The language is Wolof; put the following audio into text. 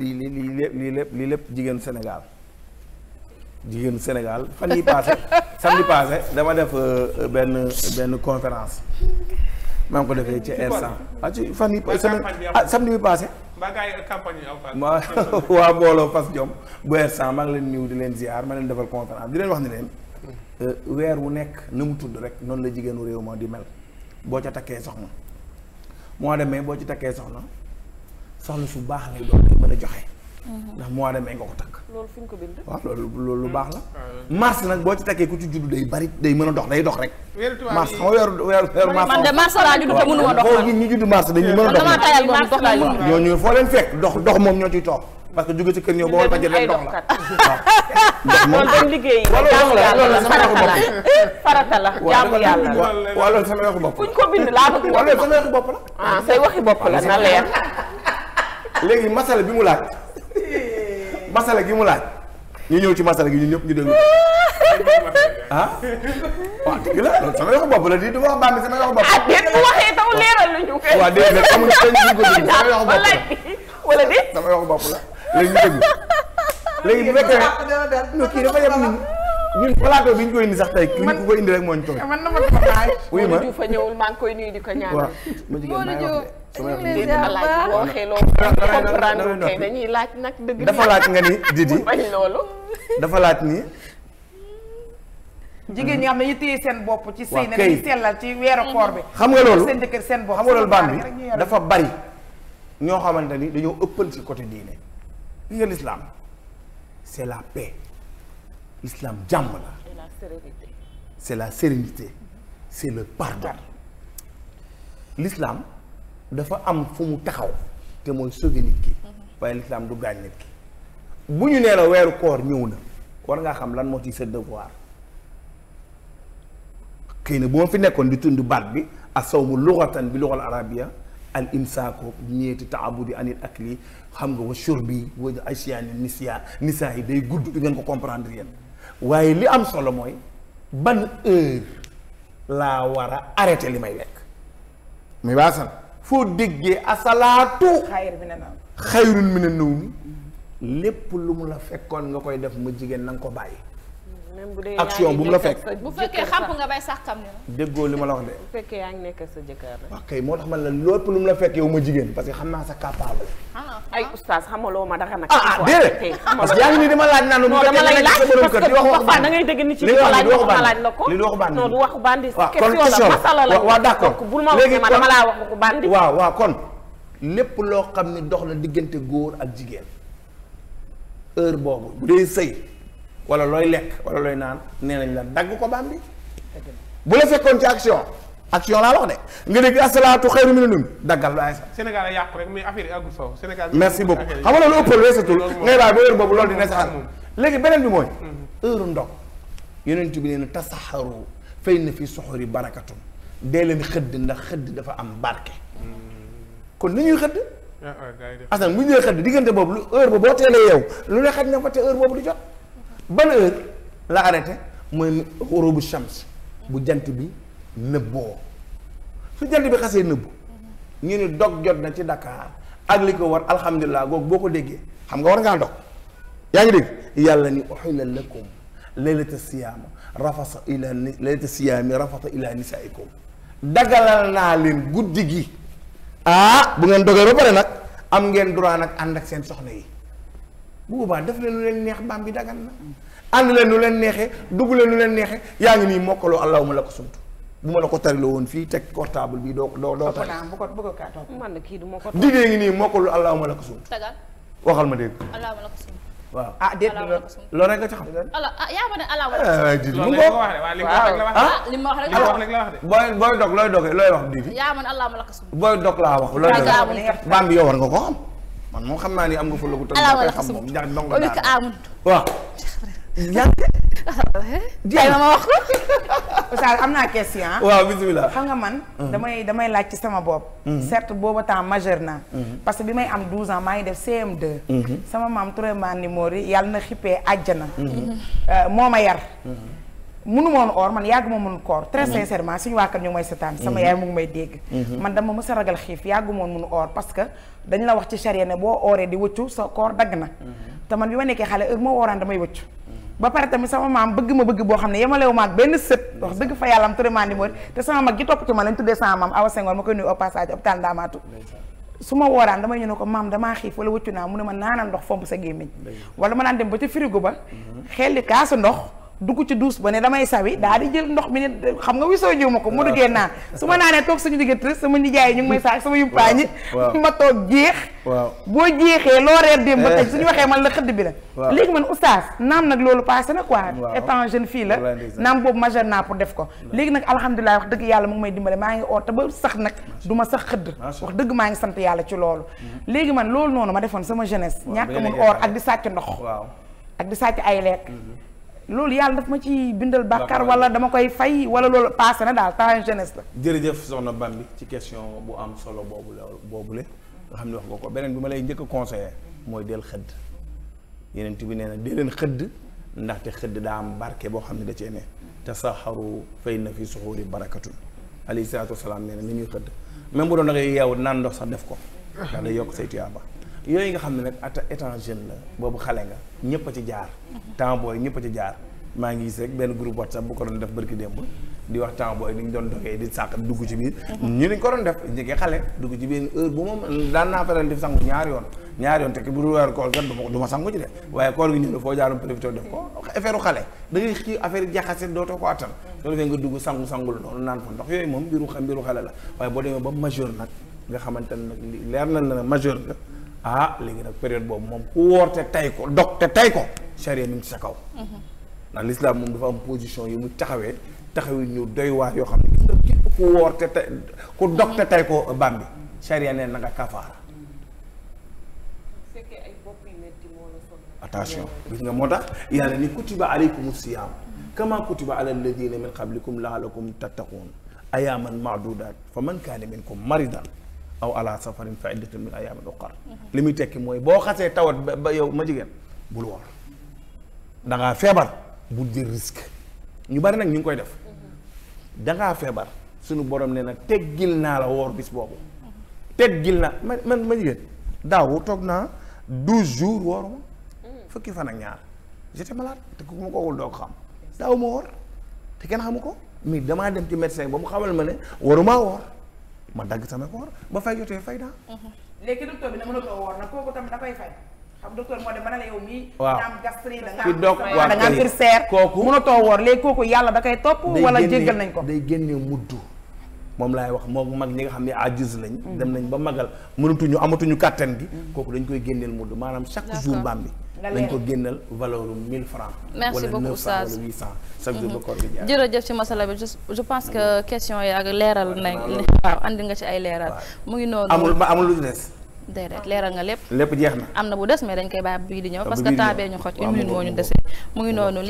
lii lii lii lépp lii lépp lii lépp jigéen Sénégal jigéenu Sénégal fan yi passé samedi passé dama def euh, euh, benn benn conférence maa ngi ko defee ci R100. ah ci fan yi ah samedi bi passé. mbaa gars yi campagne yi waa mbooloo Fass Jom bu R100 maa ngi leen nuyu di leen ziar ma leen defal conférence di leen wax ni leen. Euh, weer wu nekk na mu tudd rek noonu la jigéenu réew ma di mel boo ca takkee soxna moo demee boo ci takkee soxna. soxna su baax lay doon day mën a mhm. de mai nga ko takk. loolu fi ñu ko bind. waaw loolu loolu lu baax la. Ah, mars nag boo ci takkee ku ci juddu day bari day mën a dox day dox rek. weeru tubaab mars xam nga weeru weeru weeru de mars laa judd te mënuma dox man ñu judd mars moom laa mënuma ñoo ñooñu foo leen fekk dox dox moom ñoo ciy toog. parce que jóge ci a jël la. loolu dañ liggéey loolu sama waxu bopp farata la jaamu yàlla la waaw ko bind laa bëgg wala sama waxu bopp ah, say waxi bopp la na leer léegi masala bi mu laaj eh. masala gi mu laaj ñu ñëw ci masala gi ñu ñëpp ñu déglu ah waaw dëgg la loolu sama waxu bopp la di du wax baax mi sama waxu bopp ah déet bu waxee taw leeral nañu ko ñu ko déglu sama waxu bopp la wala déet sama waxu bopp la léegi ñu déglu léegi bu ah, kii dafa yem nit ñun plateau bi ñu koy indi sax tey. man ku ko indi rek moo ñu tooy. man na ma dama bàyyi. wuyu ma Modou Diouf a ñëwul maa ngi koy nuyu di ko ñaanal. waaw sama yoon bi dina laaj boo waxee loolu. comprendre kay dañuy laaj nag dëgg. dafa laaj nga ni Didi bañ loolu. dafa laaj ni. jigéen ñi nga xam ne ñu téye seen bopp. ci sëy na dañuy sellal ci weeru koor bi. xam nga loolu seen jëkkër seen bopp xam nga loolu baam bi dafa bari ñoo xamante ni dañoo ëppal ci côté diine li nga lislaam c'est la paix l'islam jàmm la c'est la sérénité c'est le pardon l'islam dafa am fu mu taxaw te mooy sauver nit ki waaye l'islam du gaañ nit bu ñu nee la weeru koor ñëw na war ngaa xam lan moo ci sa devoir xëy na boo fi nekkoon di tundu baat bi asawmu lughatan bi lughal arabia al imsaaku niyati taabudi anil akli xam nga wa shurbi wa asyaani nisia nisaa yi day gudd du ngeen ko comprendre yéen waaye li am solo mooy ban heure laa war a arrêté li may lekk mais waa san foo déggee asalaatu xayrun mina nawmi lépp lu mu la fekkoon nga koy def mu jigéen na nga ko bàyyi action bu mu la fekk bu fekkee xamp li ma la wax de. bu fekkee yaa ngi nekk sa jëkkër rek. ok moo tax man la lépp lu la fekk yow ma jigéen parce que xam naa sa capable. Ah, ah. ay oustaz xamaloo ma dara nag. ah, ah déedéet parce que yaa ngi nii dama laaj naan. non dama lay laaj parce que parfois da ngay dégg ni li ma laaj ma laaj la ko. li waxu bandi non du waxu bandi. waaw kon question la masala la waaw d'accord bul wax ma dama laa wax bandi. waaw waaw kon lépp loo xam ni dox la diggante góor ak jigéen heure boobu bu dee sëy wala looy lekk wala looy naan nee nañ la dagg ko baam bi bu la fekkoon ci action action laa wax de nga dégg asalaatu xayru mina nun daggal lu ay sax Sénégal a yàqu rek mais affaire yi àggul saw Sénégal merci beaucoup xam nga loolu ëppal weesatul ngay bàyyi ba heure boobu loolu dina léegi beneen bi mooy mhm. heure ndog yonent bi nee na tasaxaru fay na fi soxori barakatun dee leen xëdd ndax xëdd dafa am barke mhm. kon ni ñuy xëdd ah, ah, bu ñu dee xëdd diggante boobu lu heure ba boo teelee yow lu ne xaj na fa te heure boobu du jot ban heure la arrêté mooy xurubu shams bu jant bi nëbboo su jant bi xasee nëbbu ñu ni dog jot na ci Dakar ak li ko war alhamdulilah googu boo ko déggee xam nga war ngaa dog yaa ngi dégg yàlla ni uxila lakum laylata siyaama rafasa ila laylata siyaami rafasa ila nisaikum dagalal naa leen guddi gi ah bu ngeen dogee ba pare nag am ngeen droit nag ànd ak seen soxna yi bu boobaa def leen lu leen neex mbaam bi dagan na ànd leen lu leen neexee dugg leen lu leen neexe yaa ngi nii mokkaloo allahuma la ko sumtu bu ma la ko tariloo woon fii teg portable bi doo doo doo tari digée ngi nii mokkaloo allahuma la ko sumtu waxal ma dégg waaw ah déet loo rek nga ci xam. alors ah yaa ma ne allah wala. Eh, di mu ngoog ah, li ma wax rek la wax li ma wax rek la wax de. booy booy dog looy doge looy wax di. yaa ma ne allah ma la ko sum. booy dog laa wax looy doge. nga ko xam. man moom xam naa ni am nga fa loolu tam daa koy xam moom ko oustaz am naa question ah. waaw bismillah xam nga man hmm. damay damay laaj ci sama bopp hmm. certes booba temps majeur naa hmm. parce que bi may am douze ans maa ngi def CM2 sama maam Touré Mandi Mori yàlla na xippee àjjana euh, moo ma yar mënu woon or man yàgg ma mënu koor très mhm. sincèrement suñu waa ñu may setaan sama mhm. yaay mu ngi may dégg mhm. man dama mës a ragal xiif yàggu moon mënu or que dañ la wax ci charia ne boo ooree di wëccu sa koor dagg na te man bi ma nekkee xale heure moo ooraan damay wëccu ba pare tamit sama maam bëgg ma bëgg boo xam ne yemalewu ma ak benn sët wax dëgg fa yàlla am turément numéro te sama mag gi topp ci ma lañ tuddee sama maam Awa Senghor ma koy nuyu au passage hôpital Ndamatou su ma wooraan damay ñu ne ko maam damaa xiif wala wëccu naa dem ba ca frigo ndox dugg ci duus ba ne damay sawi daa di jël ndox mi ne xam nga wisoo jiw ma ko mu duggee naan su ma naanee toog suñu digg tris sama nijaay ñu ngi may saak sama yumpaañi ma toog jeex boo jeexee loo reer démb ba tey eh. suñu waxee man la xëdd bi la léegi man oustaz naam nag loolu passé na quoi étant jeune fille la naam boobu majeur naa pour def ko léegi nag alhamdulilah wax dëgg yàlla mu ngi may dimbale maa ngi oor te ba sax nag du ma sax xëdd wax dëgg maa ngi sant yàlla ci loolu mhm. léegi man loolu noonu ma defoon sama jeunesse ñàkk mun oor ak di sàcc ndox ak sàcc ay lekk mhm. loolu yàlla daf ma ci bindal bàkkaar wala dama koy fay wala loolu passé na daal temps jeunesse la jërëjëf soxna Bambi ci question bu am solo boobu la boobule nga xam ne wax nga ko beneen bi ma lay njëkk a conseiller mooy dell xëdd yeneen bi nee na dee leen xëdd ndaxte xëdd daa am barke boo xam ne da cee ne te saxaru fay na fi suxuuri barakatun alayhi salaatu wasalaam nee na ni ñuy xëdd même bu doon da ngay naan ndox sax def ko ndax day yokk say tuyaaba yooyu nga xam ne nag ata étant jeune la boobu xale nga ñëpp a ci jaar temps booy ñëpp a ci jaar maa ngi gis rek benn groupe whatsapp bu ko doon def barki démb di wax temps booy ni ñu doon dugg ci biir mhm. ko doon def ñi xale dugg ci biir heure bu moom daan naa ñaari yoon ñaari yoon tekk bu dul weer ma du ma sangu ci de waaye koor gi ñëw ne foo jaaroon profité def ko affaire u xale da ngay xii affaire sangu sangu la noonu naan fa ndox yooyu moom mbiru mbiru xale la waaye boo demee ba majeur nag nga xamante ne nag leer na la majeur nga ah léegi nag période boobu moom ku woor te tay ko dog te tay ko charia mi ngi sa kaw mm-hmm. ndax l'islam moom dafa am position yi mu taxawee taxawee ñu doy waar yoo xam ne gis nga képp ku woor te tay ku dog te tay ko bam bi charia neen na nga kafaara attention gis nga moo tax yàlla ni kutiba aleykum siyaam kama kutiba ala alladina min qablikum laalakum tattaqun ayaaman maadudaat fa man kaane minkum maridan aw ala safarin fa iddatun min ayaamin ukhar li muy tekki mooy boo xasee tawat ba yow ma jigéen bul woor da feebar bul jël risque ñu bari nag ñu ngi koy def da ngaa feebar suñu borom nee na teggil naa la woor bis boobu teggil naa man man ma jigéen daaw toog naa douze jours wooruma fukki fan ak ñaar j'étais malade te ku ma koowul doo ko xam daaw ma woor te kenn xamu ko mais damaa dem ci médecin ba mu xamal ma ne waruma woor ma dagg sama koor ba fay jotee fay naa. Mhm. léegi docteur bi na mënatoo woor na kooku tam da koy fay. xam docteur moo dem ba ne la yow mii. waaw da nga am ulcère kooku mënatoo woor léegi kooku yàlla da koy topp. wala jéggal nañ ko day génne muddu. moom laay wax moom mag ñi nga xam ne ajiz lañ. Mhm. dem nañ ba magal mënatuñu amatuñu kàttan gi. Mhm. kooku dañ koy génneel muddu maanaam chaque jour mbaam bi. nañ ko génnal valeur bu 1000 francs merci beaucoup Oustaz wala 900 wala 800. jërëjëf masala bi je pense que question yi ak leeral nañ. waaw andi nga ci ay leeral. mu ngi noonu amul ba amul lu des. déedéet leeral nga lépp. lépp jeex na am na bu des mais dañ koy bàyyi bii di ñëw. Ah, parce que temps bee ñu xoj moo ñu desee mu ngi noonu.